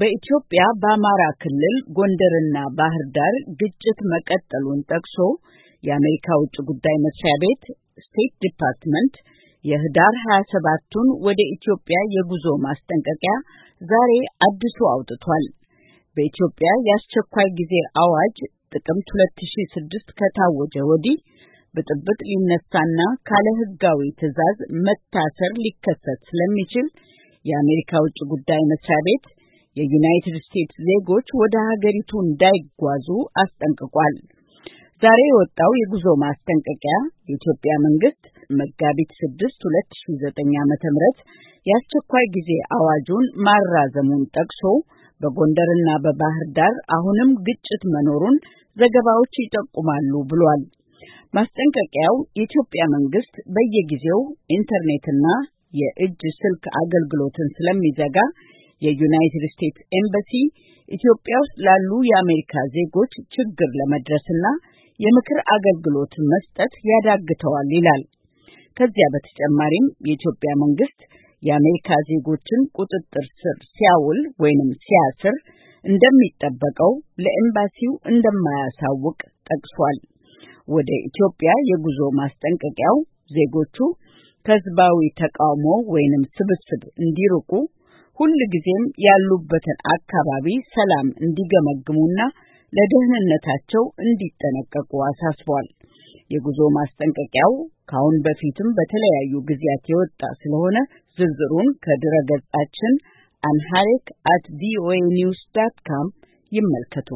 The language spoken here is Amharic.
በኢትዮጵያ በአማራ ክልል ጎንደርና ባህር ዳር ግጭት መቀጠሉን ጠቅሶ የአሜሪካ ውጭ ጉዳይ መስሪያ ቤት ስቴት ዲፓርትመንት የህዳር 27ቱን ወደ ኢትዮጵያ የጉዞ ማስጠንቀቂያ ዛሬ አድሶ አውጥቷል። በኢትዮጵያ የአስቸኳይ ጊዜ አዋጅ ጥቅምት 2006 ከታወጀ ወዲህ ብጥብጥ ሊነሳና ካለ ሕጋዊ ትዕዛዝ መታሰር ሊከሰት ስለሚችል የአሜሪካ ውጭ ጉዳይ መስሪያ ቤት የዩናይትድ ስቴትስ ዜጎች ወደ ሀገሪቱ እንዳይጓዙ አስጠንቅቋል። ዛሬ የወጣው የጉዞ ማስጠንቀቂያ የኢትዮጵያ መንግስት መጋቢት ስድስት ሁለት ሺ ዘጠኝ ዓመተ የአስቸኳይ ጊዜ አዋጁን ማራዘሙን ጠቅሶ በጎንደርና በባህር ዳር አሁንም ግጭት መኖሩን ዘገባዎች ይጠቁማሉ ብሏል። ማስጠንቀቂያው የኢትዮጵያ መንግስት በየጊዜው ኢንተርኔትና የእጅ ስልክ አገልግሎትን ስለሚዘጋ የዩናይትድ ስቴትስ ኤምባሲ ኢትዮጵያ ውስጥ ላሉ የአሜሪካ ዜጎች ችግር ለመድረስና የምክር አገልግሎት መስጠት ያዳግተዋል ይላል። ከዚያ በተጨማሪም የኢትዮጵያ መንግስት የአሜሪካ ዜጎችን ቁጥጥር ስር ሲያውል ወይንም ሲያስር እንደሚጠበቀው ለኤምባሲው እንደማያሳውቅ ጠቅሷል። ወደ ኢትዮጵያ የጉዞ ማስጠንቀቂያው ዜጎቹ ከህዝባዊ ተቃውሞ ወይንም ስብስብ እንዲርቁ ሁል ጊዜም ያሉበትን አካባቢ ሰላም እንዲገመግሙና ለደህንነታቸው እንዲጠነቀቁ አሳስቧል። የጉዞ ማስጠንቀቂያው ከአሁን በፊትም በተለያዩ ጊዜያት የወጣ ስለሆነ ዝርዝሩን ከድረ ገጻችን አንሃሪክ አት ቪኦኤ ኒውስ ዳት ካም ይመልከቱ።